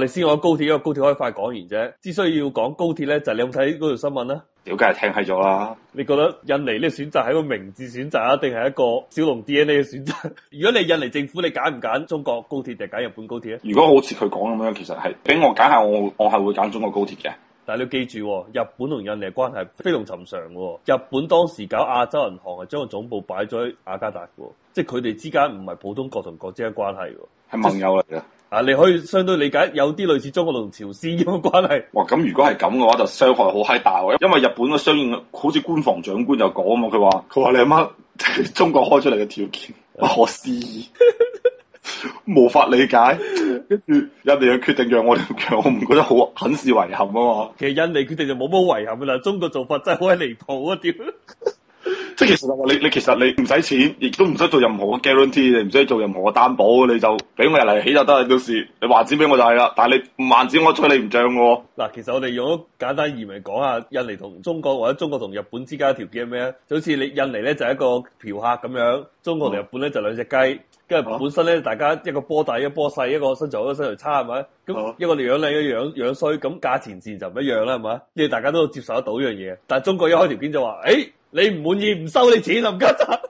你先講高鐵，因為高鐵可以快講完啫。只需要講高鐵咧，就係你有冇睇嗰條新聞啦。屌梗係聽閪咗啦！你覺得印尼咧選擇係個明智選擇啊，定係一個小龍 DNA 嘅選擇？ 如果你印尼政府你揀唔揀中國高鐵定係揀日本高鐵咧？如果好似佢講咁樣，其實係俾我揀下，我我係會揀中國高鐵嘅。但係你要記住，哦，日本同印尼關係非同尋常，哦。日本當時搞亞洲銀行，係將個總部擺咗喺亞加達嘅，哦，即係佢哋之間唔係普通國同國之間關係，係盟友嚟嘅。啊，你可以相對理解，有啲類似中國同朝鮮咁嘅關係。哇，咁如果係咁嘅話，就傷害好閪大。因為日本嘅商業，好似官房長官就講啊，佢話佢話你阿媽中國開出嚟嘅條件，不可思議， 無法理解。跟住印尼嘅決定讓我哋唔強，我唔覺得好，很是遺憾啊嘛。其實印尼決定就冇乜遺憾啦，中國做法真係好喺離譜啊！屌，即係其實你你其實你唔使錢，亦都唔使做任何嘅 guarantee，你唔使做任何嘅擔保，你就俾我入嚟起就得啦。到時你還錢俾我就係、是、啦。但係你唔還錢，我吹你唔脹喎。嗱，其實我哋用咗簡單易明講下，印尼同中國或者中國同日本之間條橋係咩啊？就好似你印尼咧就係一個嫖客咁樣，中國同日本咧就兩隻雞。嗯因為本身咧，大家一個波大，一個波細，一個身材好，一個身材差，係咪？咁、啊、一個樣靚，一個樣一個樣衰，咁價錢自然就唔一樣啦，係咪？即係大家都接受得到呢樣嘢。但係中國一開條件就話：誒、欸，你唔滿意唔收你錢，林嘉澤。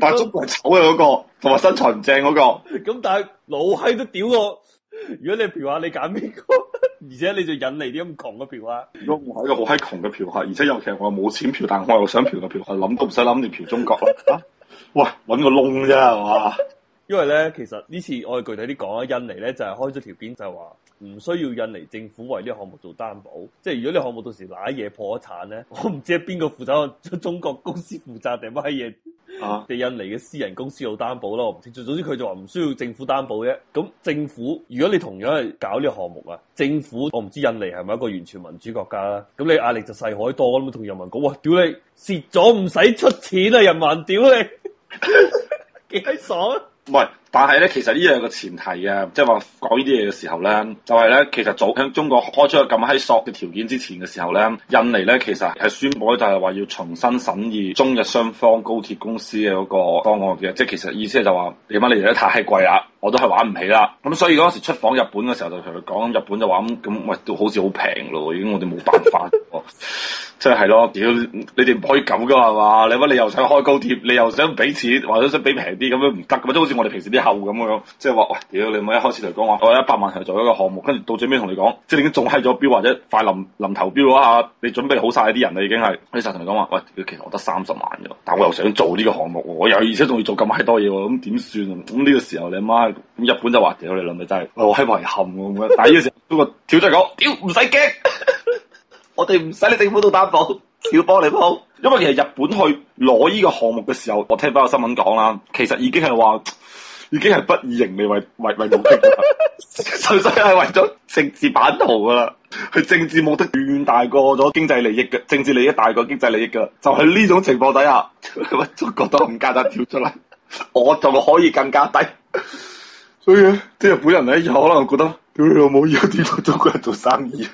但係中國醜嘅嗰個，同埋身材唔正嗰個。咁但係老閪都屌我。如果你譬如話你揀邊個？而且你就引嚟啲咁窮嘅嫖客，如果我係一個好閪窮嘅嫖客，而且尤其係我冇錢嫖，但我又想嫖嘅嫖客諗都唔使諗，連嫖中國啦吓，喂，揾個窿啫係嘛？因為咧，其實呢次我哋具體啲講啊，印尼咧就係開咗條件，就係話唔需要印尼政府為呢個項目做擔保，即係如果你個項目到時賴嘢破咗產咧，我唔知係邊個負責，中國公司負責定乜嘢？地、啊、印尼嘅私人公司有擔保咯，我唔清楚。總之佢就話唔需要政府擔保啫。咁政府，如果你同樣係搞呢個項目啊，政府我唔知印尼係咪一個完全民主國家啦。咁你壓力就細海多咁，同人民講：，哇，屌你蝕咗，唔使出錢啊！人民，屌你，幾 爽啊！唔係。但係咧，其實呢樣嘢個前提嘅，即係話講呢啲嘢嘅時候咧，就係、是、咧，其實早喺中國開出咁閪索嘅條件之前嘅時候咧，印尼咧其實係宣佈咧就係話要重新審議中日雙方高鐵公司嘅嗰個方案嘅，即係其實意思就話：點解你哋都太貴啦，我都係玩唔起啦。咁所以嗰時出訪日本嘅時候就同佢講，日本就話咁咁，喂都好似好平咯，已經我哋冇辦法，即係係咯，屌你哋唔可以咁噶嘛，你話你又想開高鐵，你又想俾錢，或者想俾平啲咁樣唔得噶嘛，即好似我哋平時啲。後咁樣，即係話喂，屌你咪一開始嚟講話，我一百萬嚟做一個項目，跟住到最尾同你講，即係你已經仲係咗標或者快臨臨投標啦吓，你準備好晒啲人啦，已經係，你成日同你講話喂，其實我得三十萬嘅，但係我又想做呢個項目，我又而且仲要做咁閪多嘢，咁點算啊？咁呢個時候你阿媽，咁日本就話屌你啦，咪真係我閪遺憾嘅，但係呢個時嗰個跳出嚟講，屌唔使驚，呃、 我哋唔使你政府都擔保，要幫你鋪， 因為其實日本去攞呢個項目嘅時候，我聽翻個新聞講啦，其實已經係話。已經係不以盈利為為為目的，純粹係為咗政治版圖噶啦，佢政治目的遠遠大過咗經濟利益嘅，政治利益大過經濟利益嘅，就喺、是、呢種情況底下，乜中國都唔加得跳出嚟，我就可以更加低， 所以啲日本人咧，有可能覺得。佢老母而家同中國人做生意，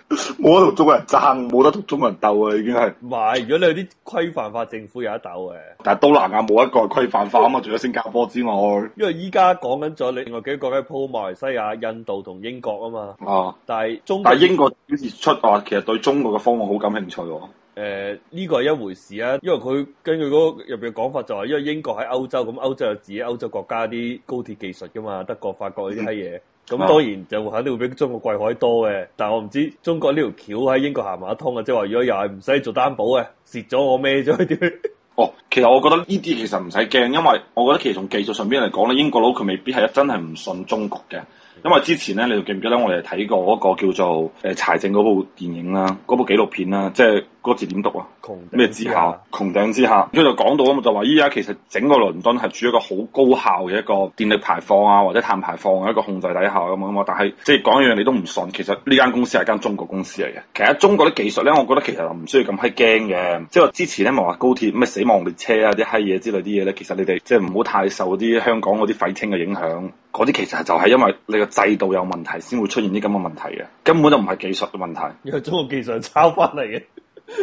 冇 得同中國人爭，冇得同中國人鬥啊！已經係唔係？如果你有啲規範化，政府有得鬥嘅。但係東南亞冇一個係規範化啊嘛，為除咗新加坡之外。因為依家講緊咗，另外幾個咧，鋪馬來西亞、印度同英國啊嘛。啊！但係中但係英國表示出話、啊，其實對中國嘅方案好感興趣、啊。誒、呃，呢、呢個係一回事啊，因為佢根據嗰入邊嘅講法就，就係因為英國喺歐洲，咁歐洲有自己歐洲國家啲高鐵技術噶嘛，德國、法國呢啲閪嘢。嗯咁、嗯、當然就肯定會比中國貴好多嘅，但係我唔知中國呢條橋喺英國行唔行得通啊！即係話如果又係唔使做擔保嘅，蝕咗我孭咗？點？哦，其實我覺得呢啲其實唔使驚，因為我覺得其實從技術上邊嚟講咧，英國佬佢未必係真係唔信中國嘅，因為之前咧你記唔記得我哋睇過嗰個叫做誒柴靜嗰部電影啦，嗰部紀錄片啦，即係。個字點讀啊？咩之下？穹頂之下。跟住就講到咁就話，依家其實整個倫敦係處於一個好高效嘅一個電力排放啊，或者碳排放嘅、啊、一個控制底下咁、啊、嘛。但係即係講一樣，你都唔信。其實呢間公司係間中國公司嚟、啊、嘅。其實中國啲技術咧，我覺得其實唔需要咁閪驚嘅。即係之前咧，咪話高鐵咩死亡列車啊、啲閪嘢之類啲嘢咧，其實你哋即係唔好太受啲香港嗰啲廢青嘅影響。嗰啲其實就係因為你個制度有問題，先會出現啲咁嘅問題嘅，根本就唔係技術嘅問題。因為中國技術抄翻嚟嘅。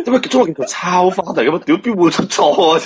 點解中國技術抄翻嚟嘅，屌點會出錯 啊？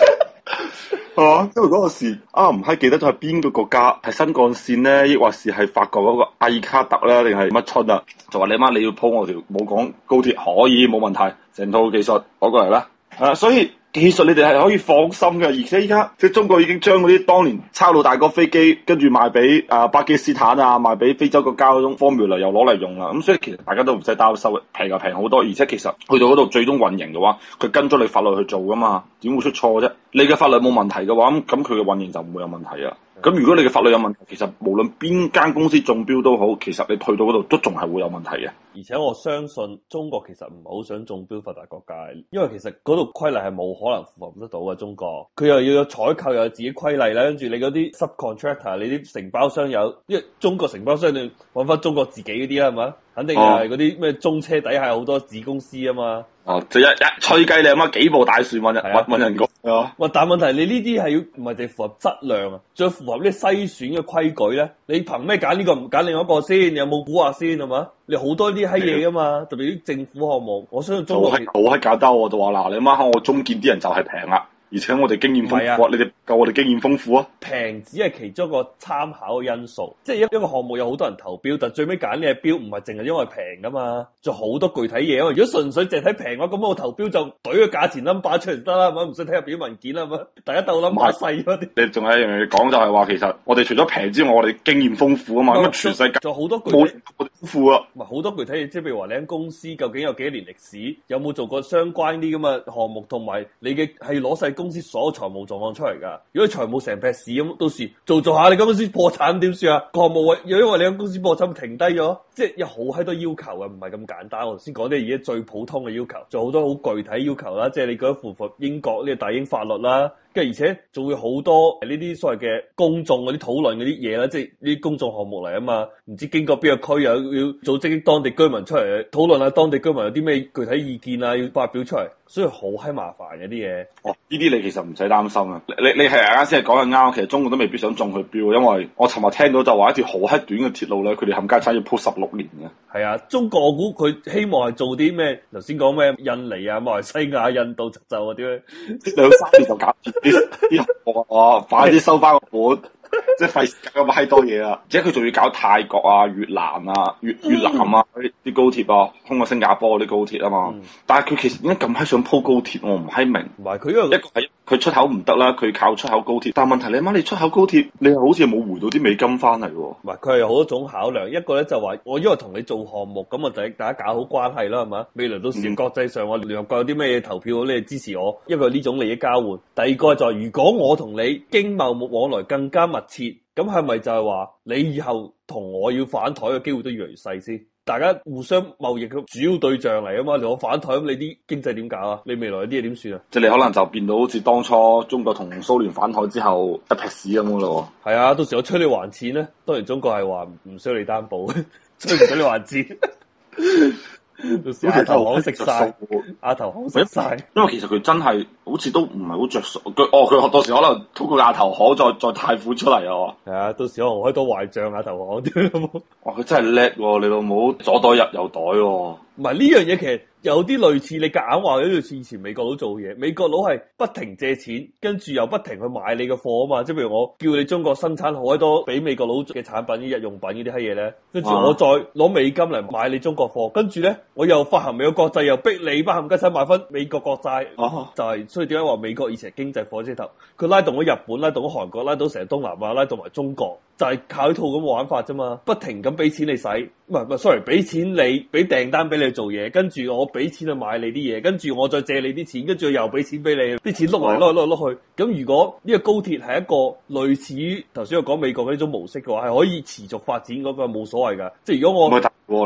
係嘛？因為嗰個時啊，唔閪記得咗係邊個國家係新幹線咧，抑或是係法國嗰個阿爾卡特咧，定係乜春啊？就話你媽你要鋪我條武廣高鐵可以冇問題，成套技術攞過嚟啦。啊，所以。技術你哋係可以放心嘅，而且依家即係中國已經將嗰啲當年抄老大哥飛機跟住賣俾啊、呃、巴基斯坦啊賣俾非洲國家嗰種 formula，又攞嚟用啦。咁所以其實大家都唔使擔心，收平又平好多。而且其實去到嗰度最終運營嘅話，佢跟咗你法律去做噶嘛，點會出錯啫？你嘅法律冇問題嘅話，咁咁佢嘅運營就唔會有問題啊。咁如果你嘅法律有問題，其實無論邊間公司中標都好，其實你去到嗰度都仲係會有問題嘅。而且我相信中國其實唔係好想中標發達國家，因為其實嗰度規例係冇可能符合得到嘅。中國佢又要有採購，又有自己規例啦。跟住你嗰啲 subcontractor，你啲承包商有，因為中國承包商你揾返中國自己嗰啲啦，係嘛？肯定係嗰啲咩中車底下好多子公司啊嘛，哦、啊，就一一吹雞你阿媽，媽幾部大船揾人揾，啊、人工，哇！但問題你呢啲係要唔係淨符合質量啊，再符合啲篩選嘅規矩咧，你憑咩揀呢個唔揀另外一個先？你有冇估下先係嘛？你好多啲閪嘢噶嘛，特別啲政府項目，我相信中。好閪好閪簡單我就話嗱，你阿媽，媽我中建啲人就係平啦。而且我哋經驗快啊！你哋教我哋經驗豐富啊！平、啊啊、只係其中一個參考嘅因素，即係一一個項目有好多人投標，但最尾揀呢個標唔係淨係因為平噶嘛，就好多具體嘢啊嘛！如果純粹淨係睇平嘅話，咁我投標就懟個價錢 number 出嚟得啦，係咪？唔使睇入邊文件啦，係咪？大家鬥 number 細嗰啲。是你仲係一樣嘢講，就係話其實我哋除咗平之外，我哋經驗豐富啊嘛，咁是全世界就好多具體豐富啊！唔係好多具體嘢，即係譬如話，你間公司究竟有幾多年歷史，有冇做過相關啲咁嘅項目，同埋你嘅係攞曬公司所有財務狀況出嚟噶，如果財務成撇屎咁，到時做做下你公司破產點算啊？項目為又因為你間公司破產停低咗，即係有好閪多要求啊。唔係咁簡單。我頭先講啲而家最普通嘅要求，做好多好具體要求啦，即係你覺得符合英國呢個大英法律啦。即係而且仲會好多呢啲所謂嘅公眾嗰啲討論嗰啲嘢啦，即係呢啲公眾項目嚟啊嘛，唔知經過邊個區又要組織當地居民出嚟討論下，當地居民有啲咩具體意見啊，要發表出嚟，所以好閪麻煩嘅啲嘢。哦，呢啲你其實唔使擔心啊，你你係啱先係講得啱，其實中國都未必想中佢標，因為我尋日聽到就話一條好閪短嘅鐵路咧，佢哋冚家產要鋪十六年嘅。係啊，中國我估佢希望係做啲咩？頭先講咩？印尼啊、馬來西亞、印度就、緬甸嗰啲咧，兩三年就搞。我快啲收翻個本。 即係費時間咁閪多嘢啊！而且佢仲要搞泰國啊、越南啊、越越南啊，啲 高鐵啊，通過新加坡啲高鐵啊嘛。嗯、但係佢其實點解咁閪想鋪高鐵、啊，我唔閪明。唔係佢一個係佢出口唔得啦，佢靠出口高鐵。但係問題你媽你出口高鐵，你又好似冇回到啲美金翻嚟喎。唔係佢係好多種考量，一個咧就話我因為同你做項目咁啊，我就大家搞好關係啦，係嘛？未來到時國際上、嗯、我聯合國有啲咩投票，你支持我，因為呢種利益交換。第二個就係如果我同你經貿往來更加密。切，咁係咪就係話你以後同我要反台嘅機會都越嚟越細先？大家互相貿易嘅主要對象嚟啊嘛！就是，我反台咁，你啲經濟點搞啊？你未來啲嘢點算啊？即係你可能就變到好似當初中國同蘇聯反台之後一劈屎咁咯。係啊，到時我催你還錢咧。當然中國係話唔需要你擔保，催唔使你還錢。阿頭好食晒，阿、 啊、頭好食晒。因為其實佢真係。好似都唔係好着數，佢哦，佢到時可能通過亞投行再再貸款出嚟啊！係啊，到時可能開多壞帳亞投行啲咁咯。 哇！佢真係叻喎，你老母左袋入右袋喎、哦。唔係呢樣嘢，其實有啲類似你夾硬話咗，類似以前美國佬做嘢。美國佬係不停借錢，跟住又不停去買你嘅貨啊嘛。即係譬如我叫你中國生產好多俾美國佬嘅產品，啲日用品呢啲閪嘢咧，跟住我再攞美金嚟買你中國貨，跟住咧我又發行美國國債，又逼你發行緊產買翻美國國債，啊、就係、是。所以點解話美國以前係經濟火車頭？佢拉動咗日本，拉動咗韓國，拉到成東南亞，拉到埋中國，就係、是、靠一套咁嘅玩法啫嘛。不停咁俾錢你使，唔係唔係，sorry，俾錢你，俾訂單俾你做嘢，跟住我俾錢去買你啲嘢，跟住我再借你啲錢，跟住又俾錢俾你，啲錢碌嚟碌去碌去。咁哇如果呢個高鐵係一個類似於頭先我講美國嗰種模式嘅話，係可以持續發展嗰個冇所謂㗎。即係如果我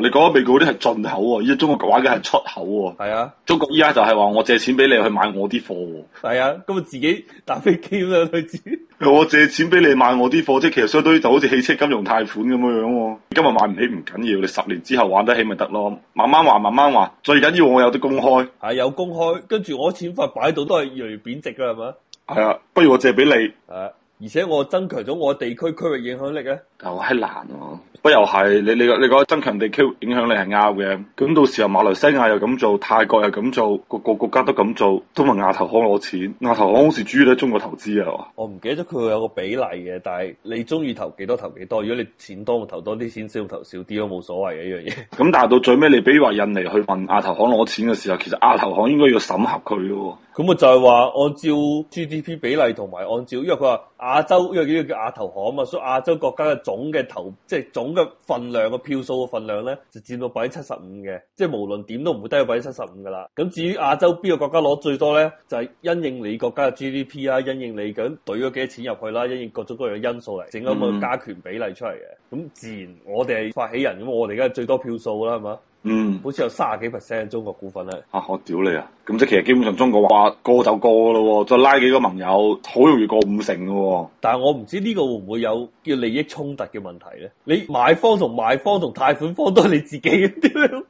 你講緊美國嗰啲係進口喎，而家中國玩嘅係出口喎。係、嗯、啊，中國依家就係話我借錢俾你去買我啲貨。係、哦、 啊，咁啊自己打飛機咁樣去住。 我借錢俾你買我啲貨，即其實相當於就好似汽車金融貸款咁樣樣。今日買唔起唔緊要，你十年之後玩得起咪得咯。慢慢還，慢慢還，最緊要我有啲公開。係、啊、有公開，跟住我錢塊擺喺度都係越嚟貶值噶啦嘛。係啊，不如我借俾你。啊而且我增強咗我地區區域影響力咧，又係我難喎、啊，不又係你你你覺得增強地區影響力係啱嘅，咁到時候馬來西亞又咁做，泰國又咁做，各個國家都咁做，都問亞投行攞錢，亞投行好似主要喺中國投資啊，嗯、我唔記得佢有個比例嘅，但係你中意投幾多投幾多，投多，如果你錢多咪投多啲錢，少投少啲都冇所謂嘅一樣嘢。咁 但係到最尾，你比如話印尼去問亞投行攞錢嘅時候，其實亞投行應該要審核佢咯。咁啊，那就係話按照 GDP 比例同埋按照，因為佢話亞洲因為呢個叫亞投行嘛，所以亞洲國家嘅總嘅投即係總嘅份量，個票數嘅分量呢，就佔到百分之七十五嘅，即係無論點都唔會低於百分之七十五噶啦。咁至於亞洲邊個國家攞最多呢，就係、是、因應你國家嘅 GDP 啦、啊，因應你咁懟咗幾多少錢入去啦，因應各種各樣的因素嚟整咗個，個加權比例出嚟嘅。咁自然我哋係發起人，咁我哋而家最多票數啦，係嘛？嗯，好似有卅幾 percent 中國股份啊！啊，我屌你啊！咁即係其實基本上中國話過就過咯，啊，再拉幾個盟友，好容易過五成噶，啊。但係我唔知呢個會唔會有叫利益衝突嘅問題咧？你買方同賣方同貸款方都係你自己，嘅 屌！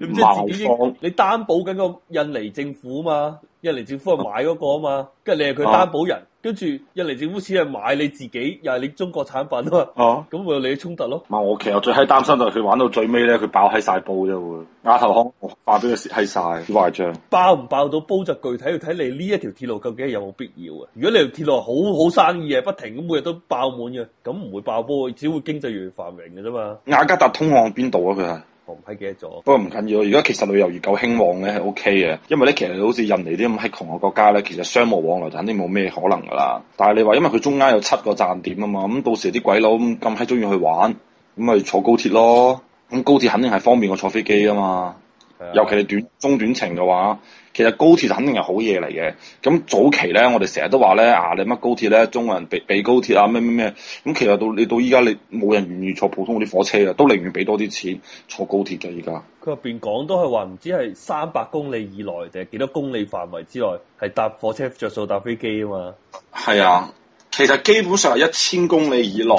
你唔知自己，你擔保緊個印尼政府嘛？印尼政府係買嗰個啊嘛，跟住 你係佢擔保人，啊、跟住印尼政府只係買你自己，又係你中國產品啊嘛，咁咪、啊、有你嘅衝突咯、啊。我其實最喺擔心就係佢玩到最尾咧，佢爆喺晒煲啫喎。亞投行話俾佢蝕喺晒，壞賬。 壞掉爆唔爆到煲就具體要睇你呢一條鐵路究竟係有冇必要啊？如果你條鐵路好好，好生意啊，不停咁每日都爆滿嘅，咁唔會爆煲，只會經濟越，越嚟越繁榮嘅啫嘛。亞加達通往邊度啊？佢係？唔批幾多座？不過唔緊要咯，而家其實旅遊業夠興旺嘅，係 O K 嘅。因為咧，其實好似印尼啲咁喺窮嘅國家咧，其實商務往來就肯定冇咩可能噶啦。但係你話，因為佢中間有七個站點啊嘛，咁、嗯、到時啲鬼佬咁咁閪中意去玩，咁、嗯、咪坐高鐵咯。咁、嗯、高鐵肯定係方便過坐飛機啊嘛。尤其係短中短程嘅話，其實高鐵肯定係好嘢嚟嘅。咁早期咧，我哋成日都話咧啊，你乜高鐵咧，中國人俾俾高鐵啊，咩咩咩。咁其實到你到依家，你冇人願意坐普通嗰啲火車啊，都寧願俾多啲錢坐高鐵嘅。依家佢入邊講都係話唔知係三百公里以內定係幾多公里範圍之內，係搭火車着數搭飛機啊嘛。係啊，其實基本上係一千公里以內。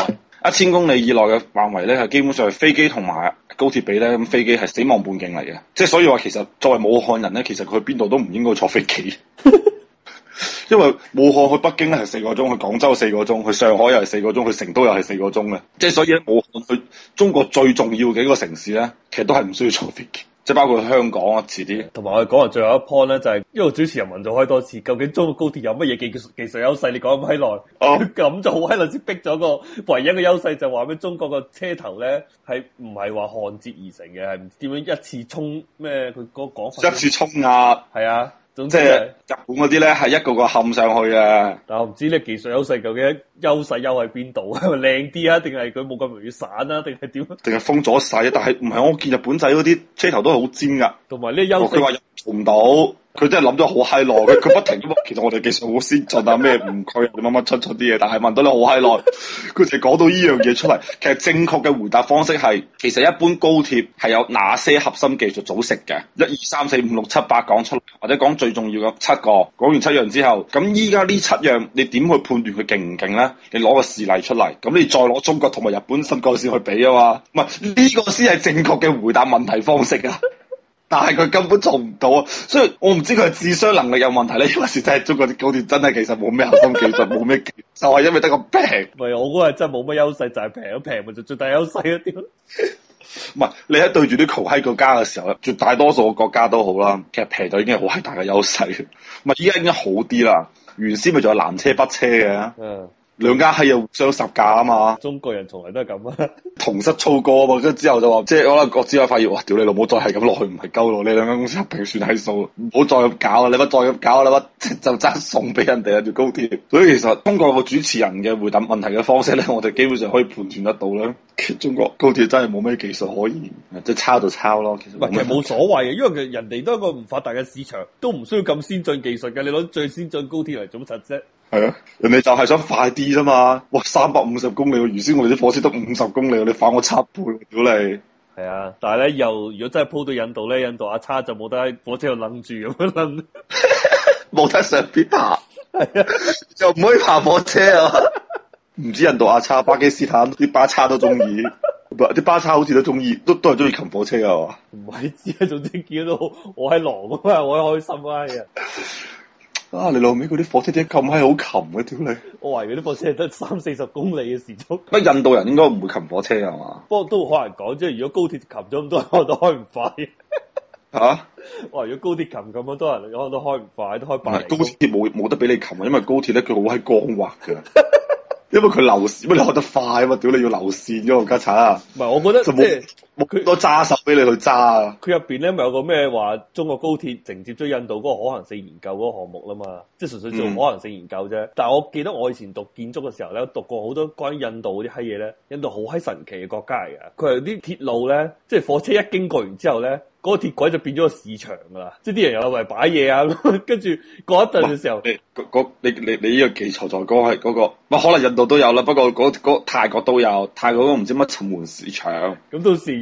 一千公里以內嘅範圍咧，係基本上係飛機同埋高鐵比咧，咁飛機係死亡半徑嚟嘅，即係所以話其實作為武漢人咧，其實佢去邊度都唔應該坐飛機， 因為武漢去北京咧係四個鐘，去廣州四個鐘，去上海又係四個鐘，去成都又係四個鐘嘅，即係所以武漢去中國最重要嘅一個城市咧，其實都係唔需要坐飛機。即包括香港啊，遲啲。同埋我哋講話，最後一樖咧，就係、是、因為主持人問咗開多次，究竟中國高鐵有乜嘢技術技術優勢？你講咁閪耐，咁就好喺先逼咗個唯一嘅優勢，就話畀中國個車頭咧係唔係話焊接而成嘅？係唔知點樣一次衝咩？佢個講法一次衝壓係啊。總之日本嗰啲咧係一個個冚上去優優 是是啊！但我唔知呢技術優勢究竟優勢優喺邊度啊？靚啲啊，定係佢冇咁容易散啊？定係點？定係封咗晒啊？但係唔係我見日本仔嗰啲車頭都係好尖噶，同埋呢優勢佢話做唔到。佢真係諗咗好嗨耐，佢佢不停都問。其實我哋技術好先進啊，咩誤區你乜乜出出啲嘢。但係問到你好嗨耐，佢哋講到依樣嘢出嚟。其實正確嘅回答方式係，其實一般高鐵係有哪些核心技術組成嘅？一二三四五六七八講出，或者講最重要嘅七個。講完七樣之後，咁依家呢七樣你點去判斷佢勁唔勁咧？你攞個事例出嚟，咁你再攞中國同埋日本新幹線去比啊嘛。唔係呢個先係正確嘅回答問題方式啊！但係佢根本做唔到啊！所以我唔知佢係智商能力有問題咧，還是真係中國啲高鐵真係其實冇咩核心技術，冇咩 技術，就係因為得個平咪。唔係。我嗰日真係冇乜優勢，就係平啊，平咪就最大優勢啲咯。唔係你喺對住啲窮閪國家嘅時候咧，絕大多數個國家都好啦。其實平咗已經係好大嘅優勢，唔係依家已經好啲啦。原先咪仲係南車北車嘅。 兩家係又上十架啊嘛，中國人從來都係咁啊， 同室操戈啊嘛，咁之後就話，即係可能國資委之後發現，哇，屌你老母，再係咁落去唔係鳩咯。」你兩間公司合併算係數，唔好再咁搞啦，你唔再咁搞啦，你唔好就爭送俾人哋啊條高鐵，所以其實通過個主持人嘅回答問題嘅方式咧，我哋基本上可以判斷得到啦。中國高鐵真係冇咩技術可言，即係抄就抄咯，其實其實冇所謂嘅，因為佢人哋都係一個唔發達嘅市場，都唔需要咁先進技術嘅，你攞最先進高鐵嚟做乜柒啫？係啊，人哋就係想快啲啫嘛！哇，三百五十公里，原先我哋啲火車得五十公里，你反我七倍，如果你！係啊，但係咧，又如果真係鋪到印度咧，印度阿叉就冇得喺火車度楞住咁樣楞，冇得 上邊爬，係啊，又唔可以爬火車啊！唔 知印度阿叉，巴基斯坦啲巴，巴叉都中意，啲 巴叉好似都中意，都都係中意擒火車啊。唔係， 總之見到我喺狼，狼我啊，我開心啊！啊！你老味嗰啲火車車點咁閪好擒嘅，屌、啊、你！我懷疑嗰啲火車係得三四十公里嘅時速。乜印度人應該唔會擒火車啊嘛？不過都好難講，即係如果高鐵擒咗咁多人，都開唔快。吓 啊！哇、哦！如果高鐵擒咁多人，都開唔快，都開八。開 高鐵冇冇得俾你擒啊？因為高鐵咧，佢好閪光滑噶， 因為佢流線乜你開得快啊嘛？屌你要流線，因為家賊啊！唔係我覺得即係。就 佢攞揸手俾你去揸啊！佢入邊咧咪有個咩話中國高鐵承接咗印度嗰個可行性研究嗰個項目啦嘛，即係純粹做可行性研究啫。嗯、但係我記得我以前讀建築嘅時候咧，讀過好多關於印度啲黑嘢咧。印度好閪神奇嘅國家嚟噶，佢係啲鐵路咧，即係火車一經過完之後咧，嗰、嗰個鐵軌就變咗個市場噶啦。即係啲人入嚟擺嘢啊，跟 住過一陣嘅時候，你你你呢個幾錯錯，嗰係嗰個，可能印度都有啦，不過、嗰個、泰國都有，泰國都唔知乜沉門市場。咁到時。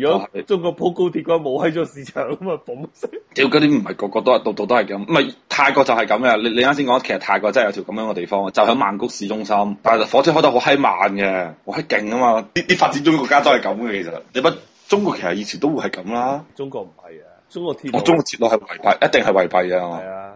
中國鋪高鐵嗰冇喺咗市場咁啊，諷刺、哦！屌，嗰啲唔係個個都係度度都係咁，唔係泰國就係咁嘅。你你啱先講，其實泰國真係有條咁樣嘅地方，就喺曼谷市中心，但係火車開得好閪慢嘅，好閪勁啊嘛！啲啲發展中國家都係咁嘅，其實你不中國其實以前都會係咁啦。中國唔係啊，中國鐵路我，我中國鐵路係圍蔽，一定係圍蔽啊。